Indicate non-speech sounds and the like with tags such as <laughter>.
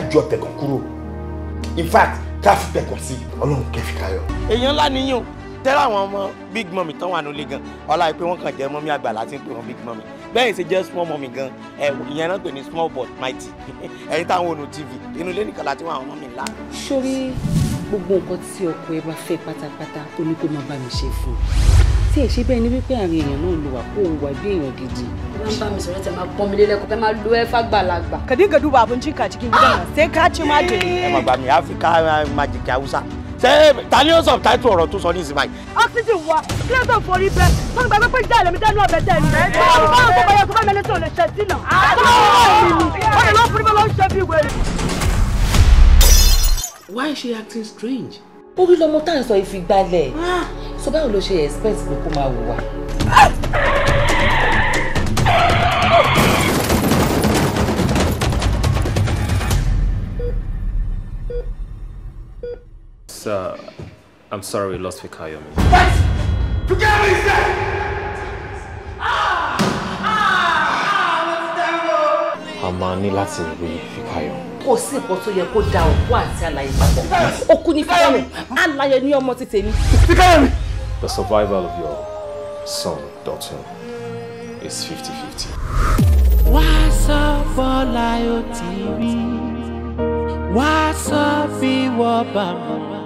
ká tẹ̀kàn kúrò in fact ká fi tẹ̀kàn sí ọlọ́run kẹfì káyọ̀. èèyàn ńlá nìyẹn o tẹ́lẹ̀ àwọn ọmọ big mummy tán wà nílé gan ọlá yìí pé wọ́n kàn jẹ́ mọ́mí àgbà láti ń pè wọ́n big mummy bẹ́ẹ̀ ṣe jẹ́ small mummy gan ẹ̀ ìyẹn náà pè ní small but mighty <laughs> ẹ̀yin táwọn onú tv inú ilé nìkan láti wọ́n àwọn mummy ńlá. sórí gbogbo nǹkan tí ọkọ ẹ bá fẹ́ pátápátá oníkó máa bá mi ṣe fún un tí ẹ ṣe bẹ́ẹ̀ ni wípé àárín èèyàn náà ló wà kó o wà bí èèyàn gidi. bá ń bá mi sọ̀rọ̀ tẹ̀ máa pọ́n mi lélẹ́kọ̀ọ́ tẹ̀ máa lo ẹ fàgbàlagbà. kàdí gàdú wà abúnjí kà ṣé ká ci máa jèrè. ẹ máa gbà mí áfíríkà magic haúsá ṣé ta ni ó sọ táìtù ọ̀rọ̀ tó sọ ní ìsinmi. oxygen wa kílẹ̀tọ̀ forí bẹ Why is she acting strange? orí lọmọ tá à ń sọ ìfìgbalẹ̀ so báwo ló ṣe expect pé kó máa wùwà. Sir, I'm sorry we lost Fikayomi. What? Forget what he said! A máa ní láti rí Fikayomi kò sí nǹkan tó yẹ kó da òkú àti àlàyé papọ̀ òkú ni Fikayomi àlàyé ní ọmọ ti tèmi. Fikayomi. the survival of your son, daughter, is 50-50. Wá sọ for ó ti rí, wá sọ bí wọ́n bá